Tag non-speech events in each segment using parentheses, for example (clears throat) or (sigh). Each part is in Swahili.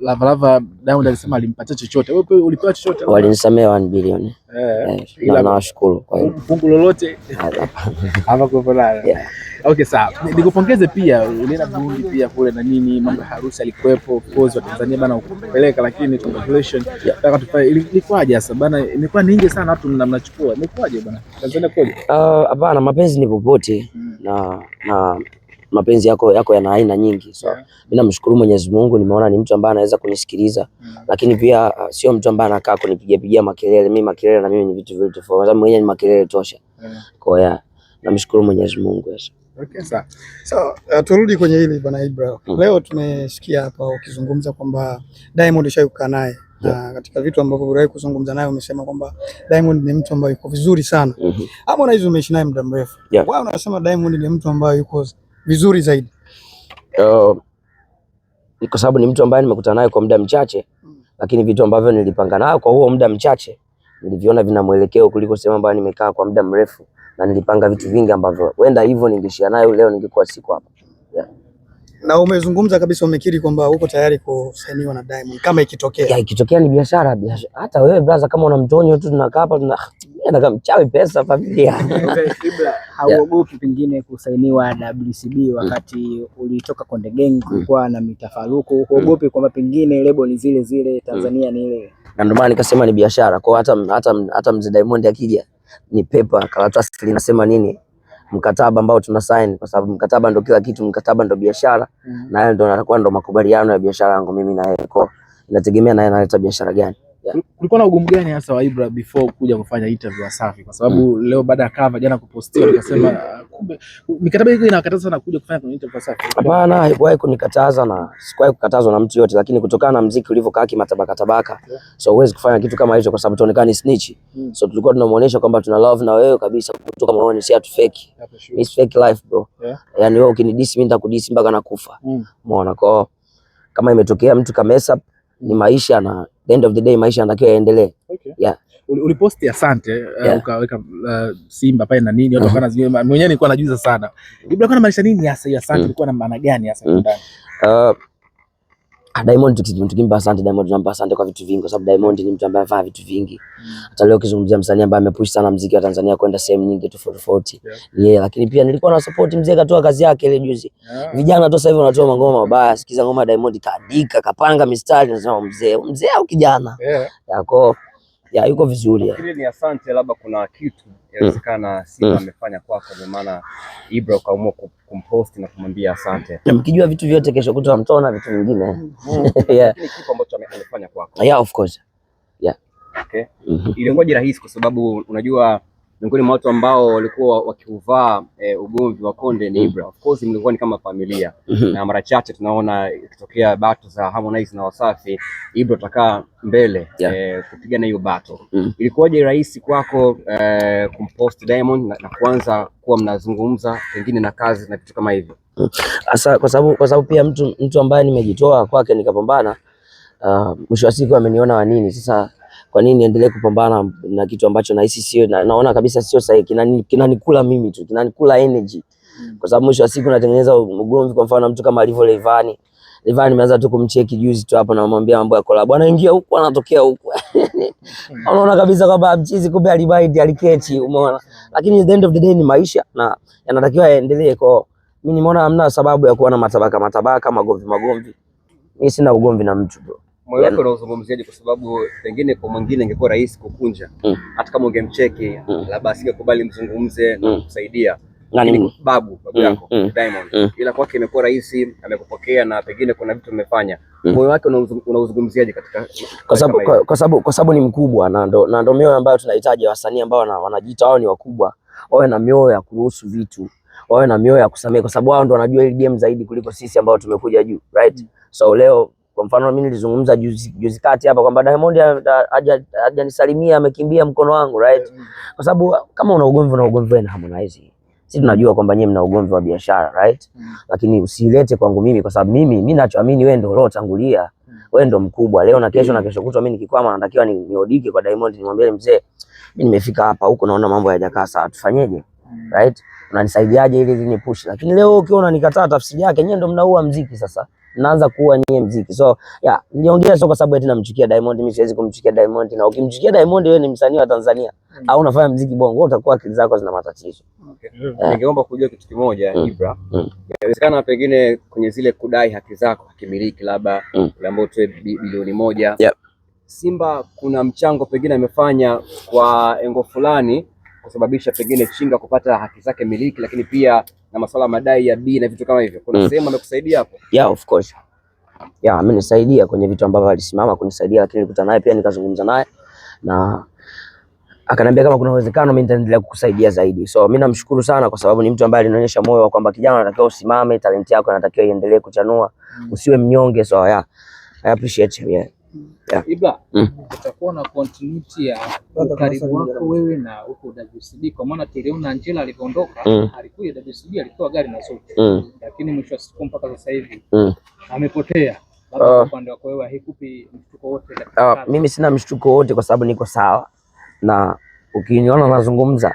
Lavalava Diamond alisema alimpatia chochote. Wewe ulipewa chochote? Walinisamea 1 billion. Eh, na eh, nawashukuru kwa hiyo. Fungu lolote hapa kwa nani? Okay, sawa. Nikupongeze pia ulienda Burundi pia kule na nini, mambo harusi alikuwepo, of course wa Tanzania bana ukupeleka, lakini congratulations. Nataka tufae ilikuwaje sasa bana? Imekuwa ni nje sana watu mnamnachukua. Imekuwaje bana? Tanzania koje? Ah, hapana mapenzi ni popote mm. na na mapenzi yako yako yana aina nyingi so, yeah. Mimi namshukuru Mwenyezi Mungu, nimeona ni mtu ambaye anaweza kunisikiliza mm. Lakini pia uh, sio mtu ambaye anakaa kunipigia pigia makelele. Mimi makelele na mimi ni vitu vile tofauti, sababu mwenyewe ni makelele tosha yeah. Kwa hiyo namshukuru Mwenyezi Mungu yes. Okay, So, uh, turudi kwenye hili bwana Ibra. Mm. Leo tumesikia hapa ukizungumza kwamba Diamond ushawahi kukaa naye Yeah. Katika vitu ambavyo uliwahi kuzungumza naye umesema kwamba Diamond ni mtu ambaye yuko vizuri sana. Mm -hmm. Ama unaishi umeishi naye muda mrefu. Yeah. Wao unasema Diamond ni mtu ambaye yuko vizuri zaidi? Uh, kwa sababu ni mtu ambaye nimekutana naye kwa muda mchache mm. lakini vitu ambavyo nilipanga nayo kwa huo muda mchache niliviona vina mwelekeo kuliko sehemu ambayo nimekaa kwa muda mrefu, na nilipanga vitu vingi ambavyo huenda hivyo ningeishia nayo leo ningekuwa siku hapa Na umezungumza kabisa, umekiri kwamba uko tayari kusainiwa na Diamond kama ikitokea. Ya, ikitokea ni biashara biashara. Hata wewe brother, kama una mtonyo tu tunakaa hapa tuna nataka mchawi pesa familia. (laughs) hauogopi pengine kusainiwa WCB wakati ulitoka Konde Gang, mm. kulikuwa na mitafaruku, huogopi kwamba pengine lebo ni zile zile, mm. Tanzania ni ile? Na ndio maana nikasema ni biashara kwao, hata hata hata mzee Diamond akija ni pepa karatasi linasema nini mkataba ambao tuna sign, kwa sababu mkataba ndo kila kitu, mkataba ndo biashara mm. -hmm. na hayo ndo anakuwa ndo makubaliano ya biashara yangu mimi na yeye, kwa inategemea naye analeta biashara gani. Kulikuwa na ugumu gani hasa wa Ibra before kuja kufanya interview Wasafi? Kwa sababu mm. leo baada ya cover jana kupostia nikasema mm. ah, kumbe mikataba hiyo inakataza sana kuja kufanya kwenye interview Wasafi. Hapana, haikuwahi kunikataza na sikuwahi kukatazwa na mtu yote, lakini kutokana na mziki ulivyokaa kimatabaka tabaka, yeah. so huwezi kufanya kitu kama hicho kwa sababu tuonekane snitch. Mm. So tulikuwa tunamuonesha kwamba tuna love na wewe kabisa kutoka moyoni, si hatu fake. Ni fake life bro. Yeah. yani wewe ukinidisi mimi nitakudisi mpaka nakufa. Mm. Umeona? Mm. Kwa kama imetokea mtu kamesa ni maisha na the end of the day maisha yanatakiwa yaendelee. Okay. Yeah. Uliposti asante uh, yeah. Uh, ukaweka uh, Simba pale na nini watu uh-huh. wakana mwenyewe nilikuwa najuza sana. Ibra, kwa maanisha nini hasa hiyo asante, mm. ilikuwa na maana gani hasa mm. ndani? Uh, Ah, Diamond tukimpa asante, Diamond tunampa asante kwa vitu vingi, kwa sababu Diamond ni mtu ambaye anafanya vitu vingi. Hata leo ukizungumzia msanii ambaye amepush sana muziki wa Tanzania kwenda sehemu nyingi tofauti tofauti, yeah, lakini pia nilikuwa na support mzee, katoa kazi yake ile juzi. Vijana tu sasa hivi wanatoa mangoma mabaya, sikiza ngoma Diamond kaandika, kapanga mistari, nasema mzee, mzee au kijana yako, ya yuko vizuri. Lakini ni asante, labda kuna kitu inawezekana mm. Simba mm. amefanya kwako, kwa maana Ibra kaamua kumpost na kumwambia asante. Mkijua vitu vyote, kesho kutwa mtaona vitu vingine. Mm. (laughs) Kitu ambacho amefanya kwako, yeah, of course, yeah, okay, ngoja mm-hmm. rahisi? Kwa sababu unajua miongoni mwa watu ambao walikuwa wakiuvaa e, ugomvi wa Konde ni Ibra. Of course mlikuwa ni kama familia mm -hmm. na mara chache tunaona ikitokea battle za Harmonize na Wasafi, Ibra utakaa mbele yeah. e, kupigana hiyo battle mm ilikuwaje rahisi kwako e, kumpost Diamond na, na kuanza kuwa mnazungumza pengine na kazi na vitu kama hivyo? Mm. Asa, kwa sababu kwa sababu pia mtu, mtu ambaye nimejitoa kwake nikapambana, uh, mwisho wa siku ameniona wa nini sasa kwa nini niendelee kupambana na kitu ambacho nahisi sio na, naona kabisa sio sahihi, kinanikula mimi tu, kinanikula energy mm. kwa sababu mwisho wa siku natengeneza ugomvi. Kwa mfano mtu kama alivyo Levani, Levani nimeanza tu kumcheki juzi tu hapo, namwambia mambo ya collab, anaingia huku anatokea huku (laughs) unaona kabisa kwamba mchizi, kumbe alibaidi aliketi, umeona. Lakini at the end of the day ni maisha na yanatakiwa yaendelee. Kwa mimi nimeona hamna sababu ya kuwa na matabaka matabaka, magomvi magomvi. Mimi sina ugomvi na mtu bro moyo wake yaani- unauzungumziaje? Kwa sababu pengine kwa mwingine ingekuwa rahisi kukunja, mm. hata kama ungemcheki mm. labda asingekubali mzungumze na mm. kusaidia nani yaani babu babu yako Diamond, ila kwake imekuwa rahisi, amekupokea na pengine kuna vitu mm. Moyo wake unauzungumziaje katika, kwa sababu kwa sababu kwa sababu ni mkubwa, na ndo na ndo mioyo ambayo tunahitaji wasanii ambao wanajiita wao ni wakubwa, wawe na mioyo ya kuruhusu vitu, wawe na mioyo ya kusamehe, kwa sababu wao ndo wanajua hili game zaidi kuliko sisi ambao tumekuja juu, right? So leo kwa mfano mimi nilizungumza juzi juzi kati hapa kwamba Diamond hajanisalimia amekimbia mkono wangu right? Mm. Kwa sababu uh, kama una ugomvi una ugomvi wewe na Harmonize. Sisi tunajua kwamba nyinyi mna ugomvi wa biashara right? Mm. Lakini usilete kwangu mimi kwa sababu mimi mimi nachoamini wewe ndio uliotangulia. Mm. Wewe ndio mkubwa leo na kesho mm. na kesho kutwa mimi nikikwama natakiwa ni, niodike kwa Diamond nimwambie mzee mimi nimefika hapa huko naona mambo hayajakaa sawa tufanyeje? Mm. Right? Unanisaidiaje ili ninipush? Lakini leo ukiona nikataa tafsiri yake nyinyi ndio mnaua mziki sasa naanza kuwa nyie mziki. So yeah, niongea sio kwa sababu eti namchukia Diamond, mimi siwezi kumchukia Diamond, na ukimchukia Diamond wewe ni msanii wa Tanzania mm. au unafanya mziki Bongo, utakuwa akili zako zina matatizo. Okay. Yeah. Ningeomba kujua kitu kimoja mm. Ibra, mm. inawezekana pengine kwenye zile kudai haki zako hakimiliki, labda mm. uliambiwa utoe bilioni moja yep. Simba kuna mchango pengine amefanya kwa engo fulani kusababisha pengine Chinga kupata haki zake miliki, lakini pia na masuala ya madai ya B na vitu kama hivyo, kuna mm. sehemu amekusaidia hapo? Yeah, of course. Yeah, amenisaidia kwenye vitu ambavyo alisimama kunisaidia, lakini nilikuta naye pia nikazungumza naye na akaniambia kama kuna uwezekano mimi nitaendelea kukusaidia zaidi. So mimi namshukuru sana kwa sababu ni mtu ambaye alinionyesha moyo wa kwamba kijana, anatakiwa usimame, talenti yako inatakiwa iendelee kuchanua, mm. usiwe mnyonge. So yeah, I appreciate you, yeah. Ibra, mm. utakuwa na continuity ya ukaribu wako wewe na huko WCB, kwa maana tuliona Angela alivyoondoka, mm. alikuja WCB, alikuwa gari na zote, mm. lakini mwisho wa siku mpaka sasa hivi amepotea. Oh. Upande wako wewe haikupi mshtuko wote? Ah, mimi sina mshtuko wote kwa sababu niko sawa, na ukiniona nazungumza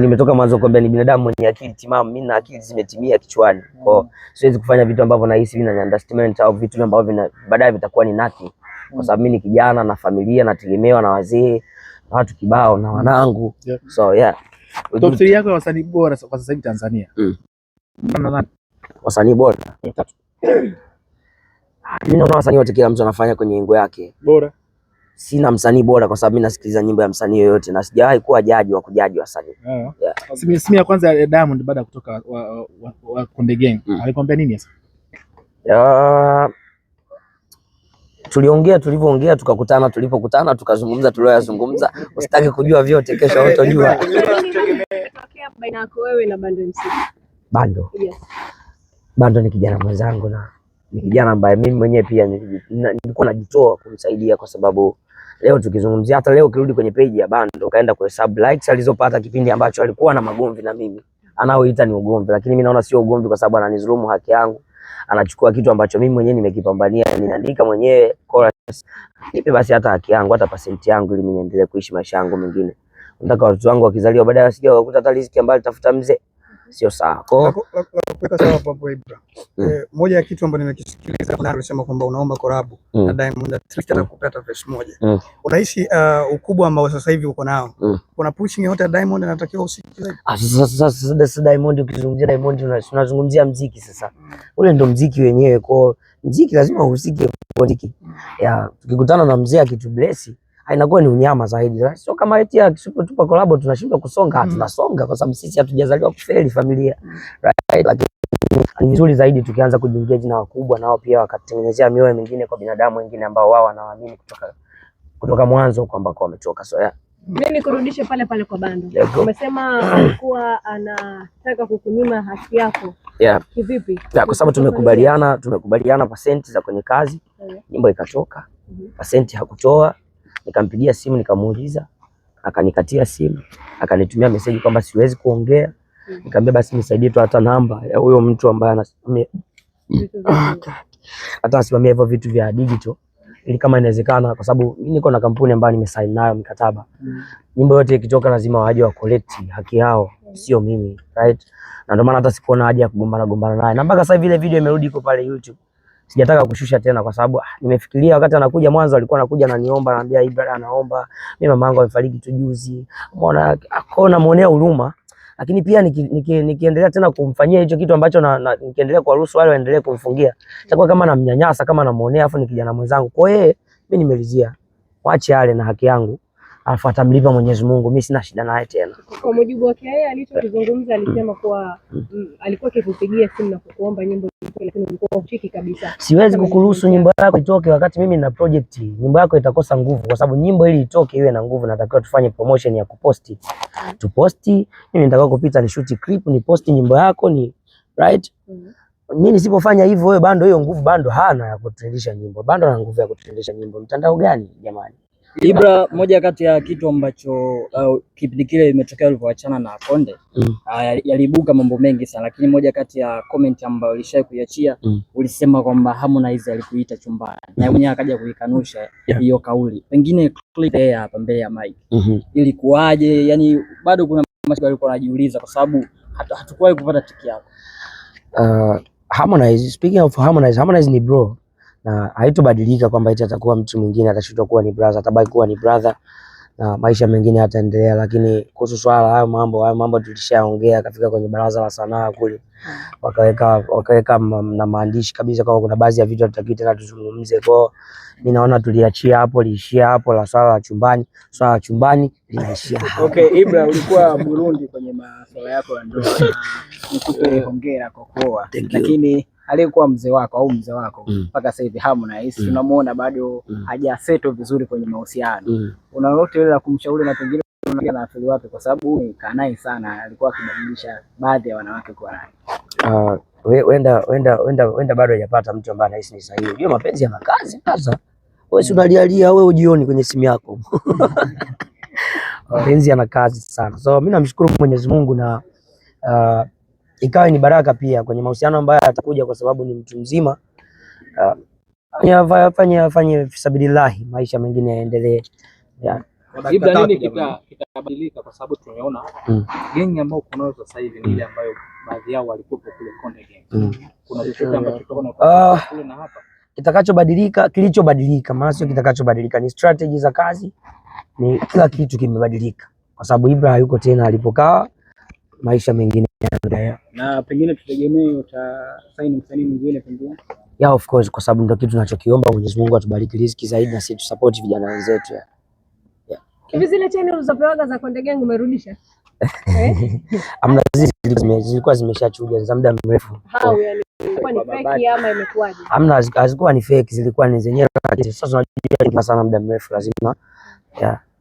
nimetoka mwanzo kwamba ni binadamu mwenye akili timamu. Mimi na akili zimetimia kichwani, kwa siwezi kufanya vitu ambavyo nahisi mimi na understand au vitu ambavyo baadaye vitakuwa ni nothing, kwa sababu mimi ni kijana na familia nategemewa na wazee na watu kibao na wanangu. So yeah, top 3 yako ya wasanii bora kwa sasa hivi Tanzania, mm. wasanii bora (clears throat) ah, mimi naona wasanii wote, kila mtu anafanya kwenye engo yake bora sina msanii bora kwa sababu mimi nasikiliza nyimbo ya msanii yoyote na sijawahi kuwa jaji wa kujaji wasanii. Eh. Yeah. Yeah. Simi ya kwanza ya Diamond baada ya kutoka Konde Gang mm. alikwambia nini sasa? Uh, tuliongea tulivyoongea, tukakutana tulipokutana, tukazungumza tulioyazungumza. (laughs) Usitaki kujua vyote, kesho utajua. (laughs) Bando, yes. Bando ni kijana mwenzangu na ni kijana ambaye mimi mwenyewe pia nilikuwa najitoa kumsaidia, kwa sababu leo tukizungumzia, hata leo ukirudi kwenye page ya Bando ukaenda sub likes alizopata kipindi ambacho alikuwa na magomvi na mimi, anaoita ni ugomvi, lakini mimi naona sio ugomvi, kwa sababu ananidhulumu haki yangu, anachukua kitu ambacho mimi mwenyewe nimekipambania, ninaandika mwenyewe chorus. Nipe basi hata haki yangu, hata percent yangu, ili mimi niendelee kuishi maisha yangu mengine. Nataka watoto wangu wakizaliwa baadaye wasije wakakuta hata riziki ambayo tafuta mzee sio sawa. Kuweka sawa hapo Ibra, mm. eh, moja ya kitu ambacho nimekisikiliza unasema kwamba unaomba korabu na mm. Diamond Atlist mm. na kupata verse moja. Unahisi uh, ukubwa ambao sasa hivi uko nao, kuna pushing yote ya Diamond anatakiwa usikilize. Ah, sasa sasa Diamond, ukizungumzia Diamond tunazungumzia mziki sasa, ule ndo mziki wenyewe, kwa mziki lazima uhusike kwa mziki. Ya tukikutana na mzee akitublesi inakuwa ni unyama zaidi. Sio kama eti tusipotupa collab tunashindwa kusonga, mm. tunasonga kwa sababu sisi hatujazaliwa kufeli familia. Mm. Right? Lakini ni vizuri zaidi tukianza kujiengage na wakubwa nao pia wakatengenezea mioyo mingine kwa binadamu wengine ambao wao wanaamini kutoka kutoka mwanzo kwamba kwa wametoka. So yeah. Mimi nikurudishe pale pale kwa bando. Umesema alikuwa (clears throat) anataka kukunyima haki yako. Yeah. Kivipi? Yeah, kwa sababu tumekubaliana, tumekubaliana pasenti za kwenye kazi. Nyimbo ikatoka. Mm-hmm. Pasenti hakutoa. Nikampigia simu nikamuuliza, akanikatia simu, akanitumia meseji kwamba siwezi kuongea. Nikamwambia basi nisaidie tu hata namba ya huyo mtu ambaye anasimamia ah, hata anasimamia hivyo vitu vya digital ili kama inawezekana, kwa sababu mimi niko na kampuni ambayo nimesign nayo mikataba. Hmm. Nyimbo yote ikitoka lazima waje wa collect haki yao, sio mimi, right? Na ndio maana hata sikuona haja ya kugombana gombana naye, na mpaka sasa hivi ile video imerudi iko pale YouTube sijataka kushusha tena, kwa sababu ah, nimefikiria wakati anakuja mwanzo alikuwa anakuja ananiomba, anambia Ibra anaomba mimi, mama yangu amefariki tu juzi, umeona, akona muonea huruma, lakini pia nikiendelea niki, niki tena kumfanyia hicho kitu ambacho na, na nikiendelea kuwaruhusu wale waendelee kumfungia itakuwa kama namnyanyasa, kama namuonea, afu ni kijana mwenzangu. Kwa hiyo mimi nimelizia, waache ale na haki yangu afu atamlipa Mwenyezi Mungu, mimi sina shida naye tena. Kwa mujibu wake yeye alichozungumza, hmm. alisema kuwa mm, alikuwa akikupigia simu na kukuomba nyimbo, lakini ulikuwa hauchiki kabisa. Siwezi kukuruhusu nyimbo yako itoke wakati mimi na project. Nyimbo yako itakosa nguvu, kwa sababu nyimbo ili itoke iwe na nguvu, natakiwa tufanye promotion ya kuposti, hmm. tuposti. Mimi nitakao kupita ni shoot clip, ni posti nyimbo yako ni right hmm. Mimi nisipofanya hivyo, wewe bando hiyo nguvu bando hana ya kutendesha nyimbo, bando ana nguvu ya kutendesha nyimbo. Mtandao gani jamani? Ibra, moja kati ya kitu ambacho uh, kipindi kile imetokea alivyoachana na Konde mm. uh, ah, yalibuka mambo mengi sana, lakini moja kati ya comment ambayo ulishai kuiachia mm. ulisema kwamba Harmonize alikuita chumbani mm. na mwenyewe akaja kuikanusha hiyo yeah. kauli, pengine clip hapa mbele ya mic mm -hmm. ilikuwaje? Yani bado kuna maswali alikuwa anajiuliza kwa sababu hatukuwahi kupata tiki yako. Uh, Harmonize, speaking of Harmonize, Harmonize ni bro na haitobadilika kwamba eti atakuwa mtu mwingine, atashindwa kuwa ni brother, atabaki kuwa ni brother na maisha mengine yataendelea. Lakini kuhusu swala hayo mambo hayo mambo tulishaongea, kafika kwenye baraza la sanaa kule, wakaweka wakaweka na maandishi kabisa kwamba kuna baadhi ya vitu hatutaki tena tuzungumze. Kwao mimi naona tuliachia hapo, liishia hapo la swala la chumbani, swala la chumbani linaishia hapo. Okay, Ibra, ulikuwa Burundi kwenye masuala yako ya ndoa, nikupe hongera kwa kuoa, lakini aliyekuwa mzee wako au mzee wako mm. mpaka mm. sasa hivi Harmonize mm. tunamuona bado mm. hajaseto vizuri kwenye mahusiano mm. una lolote ile la kumshauri na pengine naathiri wapi? Kwa sababu kaa naye sana, alikuwa akibadilisha baadhi ya wanawake kuwa naye. Ah, wenda uh, wenda bado hajapata mtu ambaye anahisi ni sahihi. Unajua mapenzi ya makazi sasa, wewe si unalialia wewe ujioni kwenye simu yako (laughs) mapenzi yana kazi sana, so mimi namshukuru Mwenyezi Mungu na uh, ikawa ni baraka pia kwenye mahusiano ambayo atakuja, kwa sababu ni mtu mzima afanye uh, fisabilillahi, maisha mengine yaendelee yeah. Labda nini kitabadilika kita kwa sababu tumeona mm. Gengi ambayo kuna sasa hivi ni ile ambayo baadhi yao walikuwa kule Konde Gang. Mm. Kuna chochote ambacho tunaona ah. kule na hapa kitakachobadilika, kilichobadilika, maana sio kitakachobadilika, ni strategy za kazi, ni kila kitu kimebadilika, kwa sababu Ibra hayuko tena alipokaa maisha mengine yanaendelea. Na pengine tutegemee utasaini msanii mwingine pengine? Yeah, of course, kwa sababu ndio kitu tunachokiomba. Mwenyezi Mungu atubariki riziki zaidi na sisi tusapoti vijana wenzetu. Hivi zile cheni ulizopewaga za Konde Gang umerudisha? (laughs) Eh? Amna, zilikuwa zimeshachuja za muda mrefu. Amna, hazikuwa ni fake, zilikuwa ni zenyewe. Sasa tunajua sana muda mrefu lazima. Yeah.